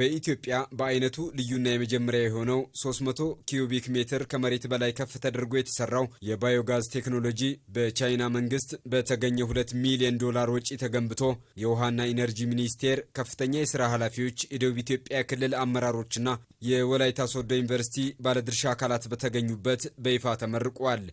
በኢትዮጵያ በአይነቱ ልዩና የመጀመሪያ የሆነው 300 ኪዩቢክ ሜትር ከመሬት በላይ ከፍ ተደርጎ የተሰራው የባዮጋዝ ቴክኖሎጂ በቻይና መንግስት በተገኘ 2 ሚሊዮን ዶላር ወጪ ተገንብቶ የውሃና ኢነርጂ ሚኒስቴር ከፍተኛ የስራ ኃላፊዎች፣ የደቡብ ኢትዮጵያ ክልል አመራሮችና የወላይታ ሶዶ ዩኒቨርሲቲ ባለድርሻ አካላት በተገኙበት በይፋ ተመርቋል።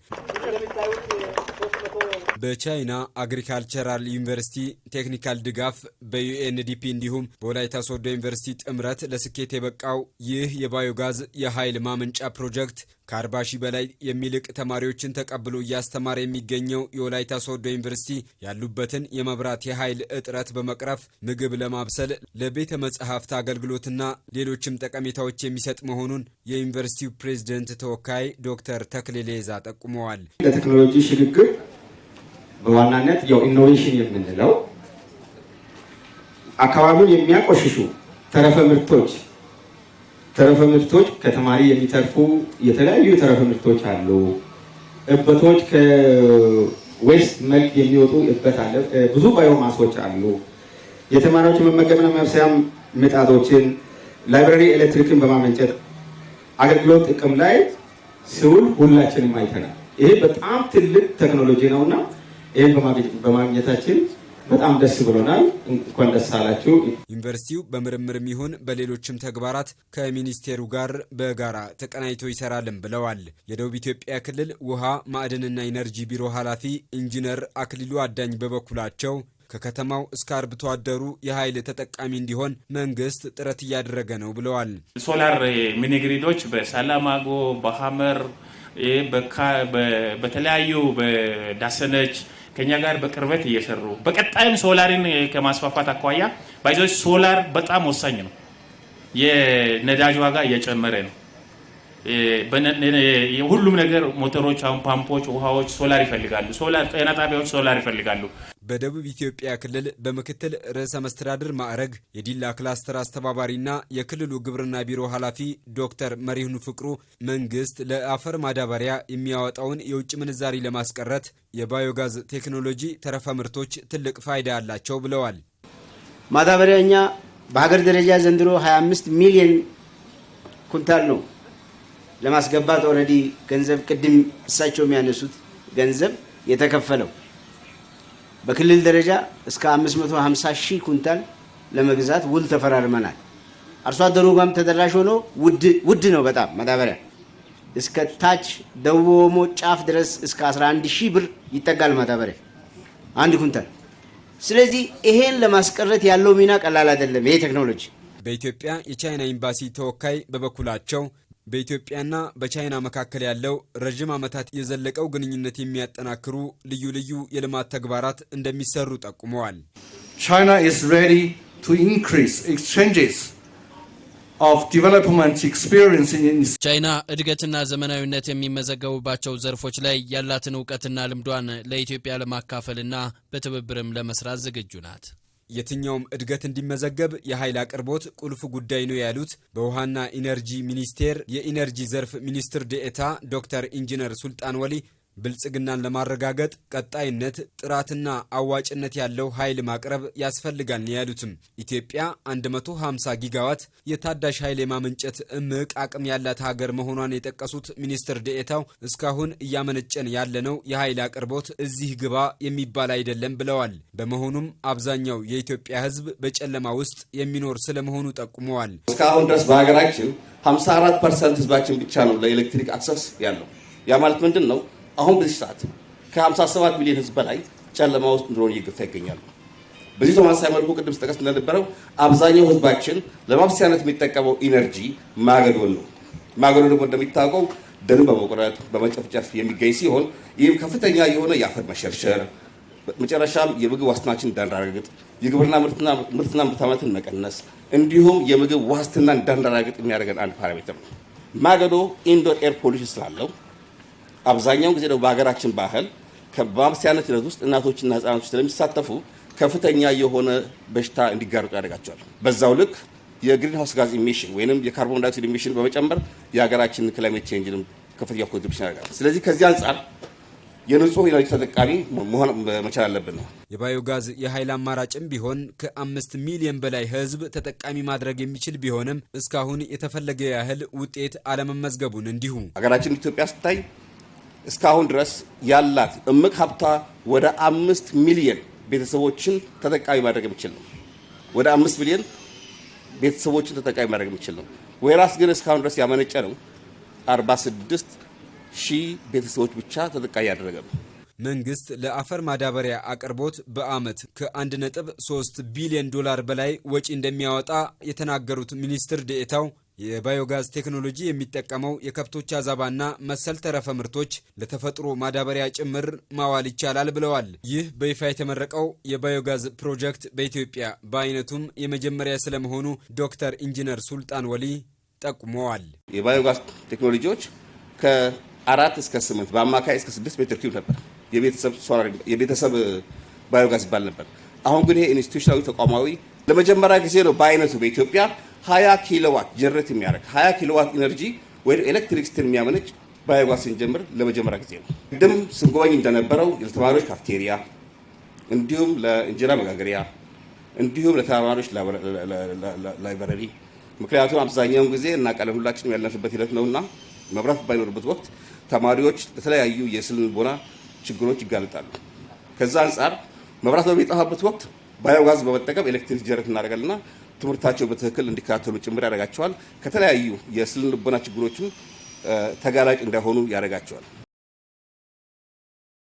በቻይና አግሪካልቸራል ዩኒቨርሲቲ ቴክኒካል ድጋፍ በዩኤንዲፒ እንዲሁም በወላይታ ሶዶ ዩኒቨርሲቲ ጥምረት ለስኬት የበቃው ይህ የባዮጋዝ የኃይል ማመንጫ ፕሮጀክት ከአርባ ሺህ በላይ የሚልቅ ተማሪዎችን ተቀብሎ እያስተማረ የሚገኘው የወላይታ ሶዶ ዩኒቨርሲቲ ያሉበትን የመብራት የኃይል እጥረት በመቅረፍ ምግብ ለማብሰል ለቤተ መጽሐፍት አገልግሎትና ሌሎችም ጠቀሜታዎች የሚሰጥ መሆኑን የዩኒቨርሲቲው ፕሬዝደንት ተወካይ ዶክተር ተክሌሌዛ ጠቁመዋል። ለቴክኖሎጂ ሽግግር በዋናነት ያው ኢኖቬሽን የምንለው አካባቢውን የሚያቆሽሹ ተረፈ ምርቶች ተረፈ ምርቶች ከተማሪ የሚተርፉ የተለያዩ ተረፈ ምርቶች አሉ። እበቶች ከዌስት መልክ የሚወጡ እበት አለ። ብዙ ባዮማሶች አሉ። የተማሪዎች መመገብና መብሰያ ምጣቶችን፣ ላይብራሪ ኤሌክትሪክን በማመንጨት አገልግሎት ጥቅም ላይ ሲውል ሁላችንም አይተናል። ይሄ በጣም ትልቅ ቴክኖሎጂ ነውና ይህን በማግኘታችን በጣም ደስ ብሎናል። እንኳን ደስ አላችሁ። ዩኒቨርሲቲው በምርምር ይሁን በሌሎችም ተግባራት ከሚኒስቴሩ ጋር በጋራ ተቀናይቶ ይሰራልም ብለዋል የደቡብ ኢትዮጵያ ክልል ውሃ ማዕድንና ኢነርጂ ቢሮ ኃላፊ ኢንጂነር አክሊሉ አዳኝ በበኩላቸው ከከተማው እስከ አርብቶ አደሩ የኃይል ተጠቃሚ እንዲሆን መንግስት ጥረት እያደረገ ነው ብለዋል። ሶላር ሚኒግሪዶች በሳላማጎ በሀመር በተለያዩ በዳሰነች ከኛ ጋር በቅርበት እየሰሩ በቀጣይም ሶላርን ከማስፋፋት አኳያ ባይዞች ሶላር በጣም ወሳኝ ነው። የነዳጅ ዋጋ እየጨመረ ነው። ሁሉም ነገር ሞተሮች፣ አሁን ፓምፖች፣ ውሃዎች ሶላር ይፈልጋሉ። ጤና ጣቢያዎች ሶላር ይፈልጋሉ። በደቡብ ኢትዮጵያ ክልል በምክትል ርዕሰ መስተዳድር ማዕረግ የዲላ ክላስተር አስተባባሪና የክልሉ ግብርና ቢሮ ኃላፊ ዶክተር መሪሁን ፍቅሩ መንግስት ለአፈር ማዳበሪያ የሚያወጣውን የውጭ ምንዛሪ ለማስቀረት የባዮጋዝ ቴክኖሎጂ ተረፈ ምርቶች ትልቅ ፋይዳ አላቸው ብለዋል። ማዳበሪያ እኛ በሀገር ደረጃ ዘንድሮ 25 ሚሊዮን ኩንታል ነው ለማስገባት ኦልሬዲ ገንዘብ ቅድም እሳቸው የሚያነሱት ገንዘብ የተከፈለው በክልል ደረጃ እስከ 550 ሺህ ኩንታል ለመግዛት ውል ተፈራርመናል። አርሶ አደሩ ጋም ተደራሽ ሆኖ ውድ ነው በጣም ማዳበሪያ እስከ ታች ደቡብ ኦሞ ጫፍ ድረስ እስከ 11 ሺህ ብር ይጠጋል ማዳበሪያ አንድ ኩንታል። ስለዚህ ይሄን ለማስቀረት ያለው ሚና ቀላል አይደለም ይሄ ቴክኖሎጂ። በኢትዮጵያ የቻይና ኤምባሲ ተወካይ በበኩላቸው በኢትዮጵያና በቻይና መካከል ያለው ረዥም ዓመታት የዘለቀው ግንኙነት የሚያጠናክሩ ልዩ ልዩ የልማት ተግባራት እንደሚሰሩ ጠቁመዋል። ቻይና ኢዝ ሬዲ ቱ ኤክስቼንጅስ ቻይና እድገትና ዘመናዊነት የሚመዘገቡባቸው ዘርፎች ላይ ያላትን እውቀትና ልምዷን ለኢትዮጵያ ለማካፈልና በትብብርም ለመስራት ዝግጁ ናት። የትኛውም እድገት እንዲመዘገብ የኃይል አቅርቦት ቁልፍ ጉዳይ ነው ያሉት በውሃና ኢነርጂ ሚኒስቴር የኢነርጂ ዘርፍ ሚኒስትር ዴኤታ ዶክተር ኢንጂነር ሱልጣን ወሊ ብልጽግናን ለማረጋገጥ ቀጣይነት፣ ጥራትና አዋጭነት ያለው ኃይል ማቅረብ ያስፈልጋል ያሉትም ኢትዮጵያ 150 ጊጋዋት የታዳሽ ኃይል የማመንጨት እምቅ አቅም ያላት ሀገር መሆኗን የጠቀሱት ሚኒስትር ደኤታው እስካሁን እያመነጨን ያለነው የኃይል አቅርቦት እዚህ ግባ የሚባል አይደለም ብለዋል። በመሆኑም አብዛኛው የኢትዮጵያ ሕዝብ በጨለማ ውስጥ የሚኖር ስለመሆኑ ጠቁመዋል። እስካሁን ድረስ በሀገራችን 54 ፐርሰንት ህዝባችን ብቻ ነው ለኤሌክትሪክ አክሰስ ያለው ያ ማለት ምንድን ነው? አሁን በዚህ ሰዓት ከ57 ሚሊዮን ህዝብ በላይ ጨለማ ውስጥ ኑሮን እየገፋ ይገኛሉ። በዚህ ተመሳሳይ መልኩ ቅድም ስጠቀስ እንደነበረው አብዛኛው ህዝባችን ለማብሰያነት የሚጠቀመው ኢነርጂ ማገዶን ነው። ማገዶ ደግሞ እንደሚታወቀው ደን በመቁረጥ በመጨፍጨፍ የሚገኝ ሲሆን ይህም ከፍተኛ የሆነ የአፈር መሸርሸር መጨረሻም የምግብ ዋስትናችን እንዳንዳረግጥ የግብርና ምርትና ምርታማነትን መቀነስ እንዲሁም የምግብ ዋስትና እንዳንዳረግጥ የሚያደርገን አንድ ፓራሜትር ነው። ማገዶ ኢንዶር ኤር ፖሊሽን ስላለው አብዛኛውን ጊዜ ደግሞ በሀገራችን ባህል በአብሳያነት ሂደት ውስጥ እናቶችና ህጻናቶች ስለሚሳተፉ ከፍተኛ የሆነ በሽታ እንዲጋርጡ ያደርጋቸዋል። በዛው ልክ የግሪን ሃውስ ጋዝ ኢሚሽን ወይም የካርቦን ዳይኦክሲድ ኢሚሽን በመጨመር የሀገራችን ክላይሜት ቼንጅንም ከፍተኛ ኮንትሪቢሽን ያደርጋል። ስለዚህ ከዚህ አንጻር የንጹህ ኢነርጂ ተጠቃሚ መሆን መቻል አለብን ነው። የባዮጋዝ የኃይል አማራጭም ቢሆን ከአምስት ሚሊዮን በላይ ህዝብ ተጠቃሚ ማድረግ የሚችል ቢሆንም እስካሁን የተፈለገ ያህል ውጤት አለመመዝገቡን እንዲሁ ሀገራችን ኢትዮጵያ ስታይ እስካሁን ድረስ ያላት እምቅ ሀብቷ ወደ አምስት ሚሊየን ቤተሰቦችን ተጠቃሚ ማድረግ የሚችል ነው። ወደ አምስት ሚሊየን ቤተሰቦችን ተጠቃሚ ማድረግ የሚችል ነው። ወይራስ ግን እስካሁን ድረስ ያመነጨ ነው 46 ሺህ ቤተሰቦች ብቻ ተጠቃሚ ያደረገ ነው። መንግስት ለአፈር ማዳበሪያ አቅርቦት በአመት ከ1.3 ቢሊዮን ዶላር በላይ ወጪ እንደሚያወጣ የተናገሩት ሚኒስትር ዴኤታው የባዮጋዝ ቴክኖሎጂ የሚጠቀመው የከብቶች አዛባና መሰል ተረፈ ምርቶች ለተፈጥሮ ማዳበሪያ ጭምር ማዋል ይቻላል ብለዋል። ይህ በይፋ የተመረቀው የባዮጋዝ ፕሮጀክት በኢትዮጵያ በአይነቱም የመጀመሪያ ስለመሆኑ ዶክተር ኢንጂነር ሱልጣን ወሊ ጠቁመዋል። የባዮጋዝ ቴክኖሎጂዎች ከአራት እስከ ስምንት በአማካይ እስከ ስድስት ሜትር ኪዩብ ነበር የቤተሰብ ባዮጋዝ ይባል ነበር። አሁን ግን ይሄ ኢንስቲቱሽናዊ ተቋማዊ ለመጀመሪያ ጊዜ ነው በአይነቱ በኢትዮጵያ 20 ኪሎዋት ጀነሬት የሚያደርግ 20 ኪሎዋት ኢነርጂ ወይም ኤሌክትሪክ ስትል የሚያመነጭ ባዮዋ ስንጀምር ለመጀመሪያ ጊዜ ነው። ቅድም ስንጎበኝ እንደነበረው ለተማሪዎች ካፍቴሪያ፣ እንዲሁም ለእንጀራ መጋገሪያ፣ እንዲሁም ለተማሪዎች ላይብረሪ ምክንያቱም አብዛኛውን ጊዜ እና ቀለም ሁላችንም ያለንበት ሂደት ነውና መብራት ባይኖርበት ወቅት ተማሪዎች ለተለያዩ የስነ ልቦና ችግሮች ይጋለጣሉ። ከዛ አንጻር መብራት በሚጠፋበት ወቅት ባዮጋዝ በመጠቀም ኤሌክትሪክ ጀረት እናደርጋለንና ትምህርታቸው በትክክል እንዲከታተሉ ጭምር ያደርጋቸዋል። ከተለያዩ የስነ ልቦና ችግሮችም ተጋላጭ እንዳይሆኑ ያደርጋቸዋል።